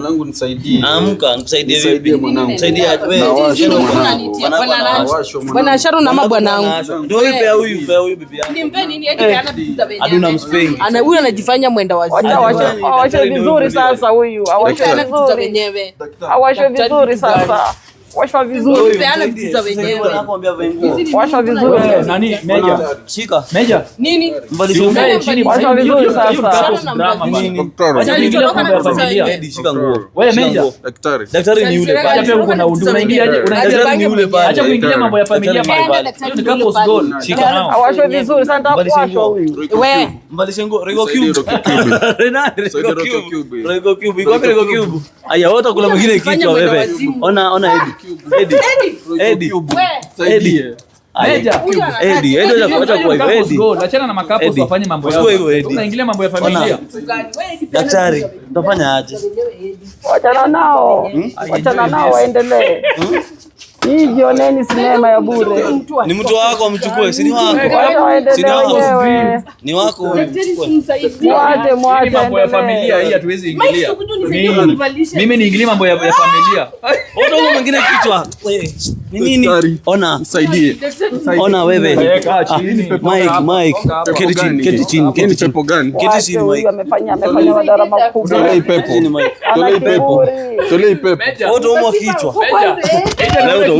Mwanangu nisaidie. Amka, nisaidie vipi? Nisaidie mwanangu. Nisaidie wewe. Bwana Sharon na mabwanangu. Ndio huyu pea huyu, pea huyu bibi yangu. Nimpe nini eti kana eh, vitu vyenyewe. Aduna mspengi. Ana huyu anajifanya mwenda wazimu. Acha acha vizuri sasa huyu. Acha vizuri vyenyewe. Acha vizuri sasa. Washwa vizuri. Peana pizza wenyewe. Washwa vizuri. Nani? Meja. Shika. Meja. Nini? Mbali chini. Washwa vizuri sasa. Nini? Wajalikilia kwa familia. Shika nguo. Wewe Meja. Daktari. Daktari ni yule. pale, pia uko na huduma. Unaingia ni yule pale. Acha kuingilia mambo ya familia pale. Hiyo ni couples goal. Shika nao. Washwa vizuri Sasa ndio kuwashwa huyu. Wewe. Mbali nguo. Rego cube. rego cube, Rego cube. Rego cube. Iko rego cube. Aya wewe utakula mwingine kichwa wewe. Ona ona hivi. Achana na makapo mambo mambo ya familia. Daktari, utafanya aje? Wachana nao, hmm? wachana nao waendelee. Hmm? Hii jioneni sinema ya bure. Ni mtu wako amchukue, si ni wako. Si ni wako. Ni wako. Mwate mwate. Yaani mambo ya familia hii hatuwezi ingilia. Mimi niingilie mambo ya ah! familia. Ona huyo mwingine kichwa. Ni nini? Ona. Msaidie. Ona wewe. Ah, Mike, Mike. Keti chini, keti chini, yaani keti chini. Pepo gani? Keti chini Mike. Amefanya amefanya madhara makubwa. Tolei pepo. Tolei pepo. Tolei pepo. Wote wao kichwa. Eh? Leo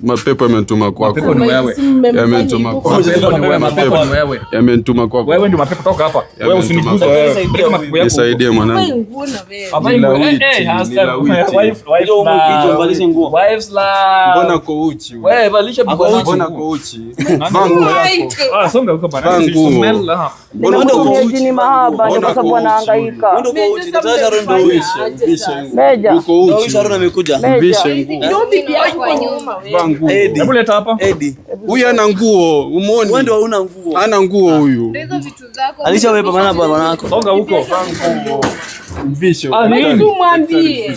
mapepo yamenituma kwako, yamenituma kwako, yamenituma kwako. Wewe ndio mapepo, toka hapa wewe, usiniguze wewe, nisaidie mwanangu. Mbona uchi wewe? Valisha, mbona uchi? Ni mahaba ndio kwa sababu anahangaika. Uko uchi, amekuja amevaa nguo. Hebu leta hapa. Huyu ana nguo, umuone. Wewe ndio huna nguo. Ana nguo ah. huyu. alisha vitu maana baba yako. Songa huko. Mvisho. Ah, mwambie.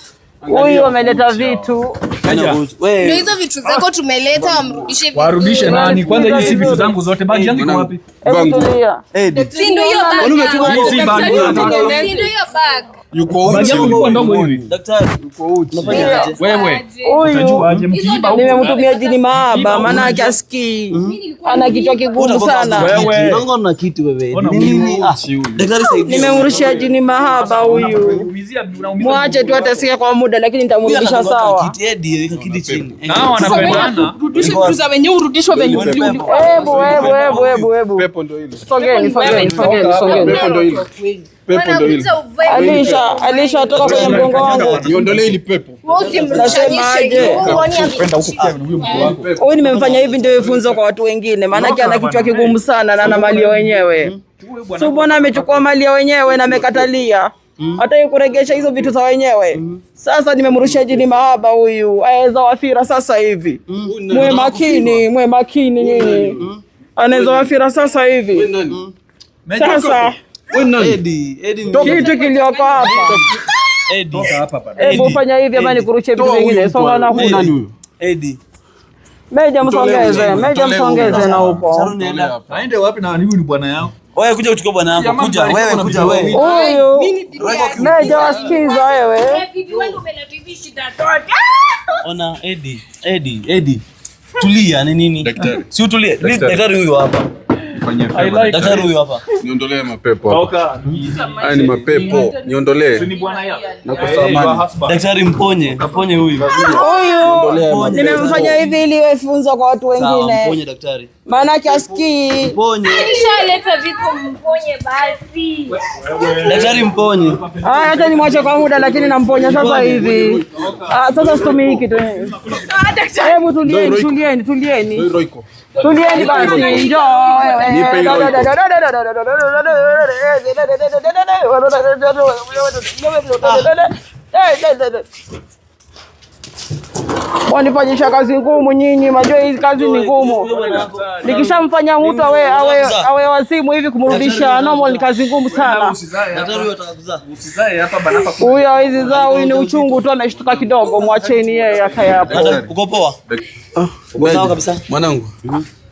Huyu ameleta vitu ndio hizo vitu zako tumeleta, wamrudishe. Warudishe nani kwanza? Hizi si vitu zangu zote, bagi yangu iko wapi? Si ndio hiyo bag. Yuko uchi ulikuwa ndogo hivi. Daktari, yuko uchi. Unafanya aje? Wewe. Unajua mkiiba huko. Nimemtumia jini mahaba maana yake asikii. Mhm. Ana kichwa kigumu sana. Wewe. Nongo na kitu wewe. Nini ah. Daktari saidia. Nimemrushia jini mahaba huyu. Mwache tu atasikia kwa muda lakini nitamrudisha sawa. Kiti hadi weka kiti chini. Nao wanapendana. Rudishe vitu za wenyewe urudishwe venye Hebu hebu hebu hebu Pepo ndio hilo. Sogeni, sogeni, sogeni, sogeni. Pepo ndio hilo alishatoka kwenye mgongo wangu, niondolee pepo. Huyu nimemfanya hivi, ndio ifunzo kwa watu wengine, maanake ana kichwa kigumu sana na ana mali ya wenyewe. Hmm? Si bwana amechukua mali ya wenyewe na amekatalia hmm? hata kuregesha hizo vitu za wenyewe hmm? Sasa nimemrusha jini mahaba huyu, aweza wafira sasa hivi Mwe makini, mwe makini nini? anaweza wafira sasa hivi kitu kilioko hapa. Hebu fanya hivi ama nikurushe vitu vingine. Songa na huyu. Edi. Meja msongeze, meja msongeze na huko. Aende wapi na huyu ni bwana yao? Wewe kuja kuchukua bwana yako. Kuja wewe, kuja wewe. Huyu. Meja wasikiza wewe. Ona Edi, Edi, Edi. Tulia ni nini? Daktari. Si utulie. Daktari huyu hapa. Niondolee mapepo haya, ni mapepo, niondolee. Daktari, mponye hivi ili iwe funzo kwa watu wengine, maanake asikii. mponye hata ah, nimwache kwa muda, lakini namponya sasa hivi. Ah, sasa situmii kitu. Ah, Hebu tulieni, tulieni, tulieni. Julián Pancillo. Wanifanyisha kazi ngumu nyinyi, majua hizi kazi ni ngumu. Nikishamfanya mtu awe awe awe wazimu hivi, kumrudisha normal ni kazi ngumu sana. Huyu hawezi zaa, huyu ni uchungu tu, anashtuka kidogo. Mwacheni yeye akae hapo. Uko poa? Uko sawa kabisa mwanangu?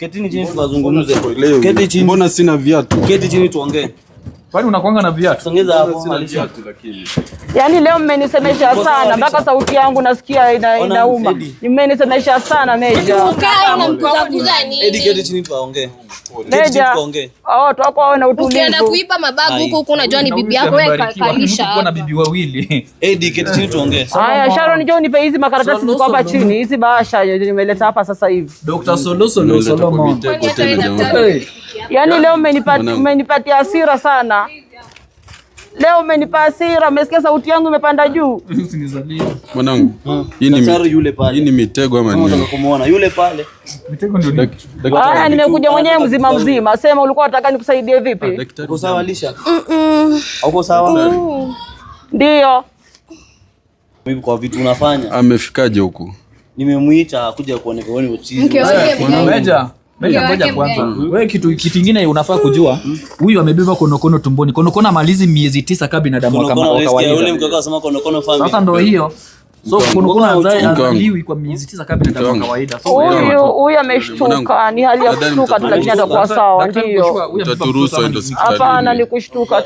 Ketini chini tukazungumze. Keti chini. Mbona sina viatu? Keti chini tuongee. Kwani unakwanga na viatu? Songeza hapo maliza. Yaani leo mmenisemesha sana mpaka sauti yangu nasikia ina, inauma. Mmenisemesha sana Meja. Ukae na mkuzakuza nini? Ediketi chini tuongee. Meja. Oh, tuko wewe na utulivu. Ukienda kuipa mababu huko huko unajua ni bibi yako wewe kalisha. Uko na bibi wawili. Edi Ediketi chini tuongee. Haya, Sharon njoo nipe hizi makaratasi ziko hapa chini. Hizi bahasha nimeleta hapa sasa hivi. Dr. Solo Solo Solo. Yaani leo mmenipatia hasira sana. Leo umenipa hasira, umesikia sauti yangu imepanda juu. Mwanangu, ah. hii ni mitego ama nini? Yule pale. Mitego ndio. Ah, nimekuja mwenyewe mzima mzima. Sema ulikuwa unataka nikusaidie vipi? Ah, Uko sawa Lisha? Mm. Uko sawa? Ndio. Mimi kwa vitu unafanya. Amefikaje huku? Nimemuita akuja kuonekana. wewe ni uchizi. Mke wake wewe kitu kitu kingine unafaa kujua, huyu amebeba konokono tumboni. Konokono amalizi miezi tisa ka binadamu wa ndo hiyo. So konokono kwa miezi tisa kabla binadamu ameshtuka, ni hali ya kushtuka tu, lakini atakuwa sawa, ndio. ni kushtuka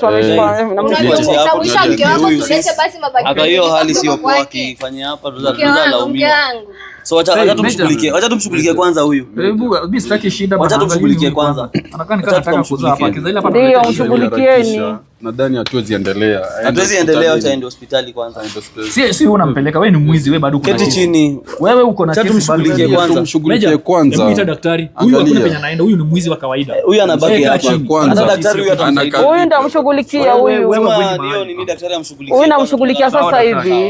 So wacha hey, wacha tumshughulikie. Wacha tumshughulikie kwanza huyu. Hebu eh, mimi sitaki shida bana. Wacha tumshughulikie kwanza. Anakaa ni kama anataka kuzaa hapa. Kizali hapa. Ndio mshughulikieni. Nadhani hatuwezi endelea. Hatuwezi endelea, acha aende hospitali kwanza. Si si unampeleka wewe, ni mwizi wewe, bado uko keti chini. Wewe uko na kesi. Tumshughulikie kwanza. Tumshughulikie kwanza. Hebu daktari. Huyu hakuna penye anaenda. Huyu ni mwizi wa kawaida. Huyu anabaki hapa kwanza. daktari huyu atamsaidia. Huyu ndio amshughulikia huyu. Wewe ndio ni daktari amshughulikia. Huyu namshughulikia sasa hivi.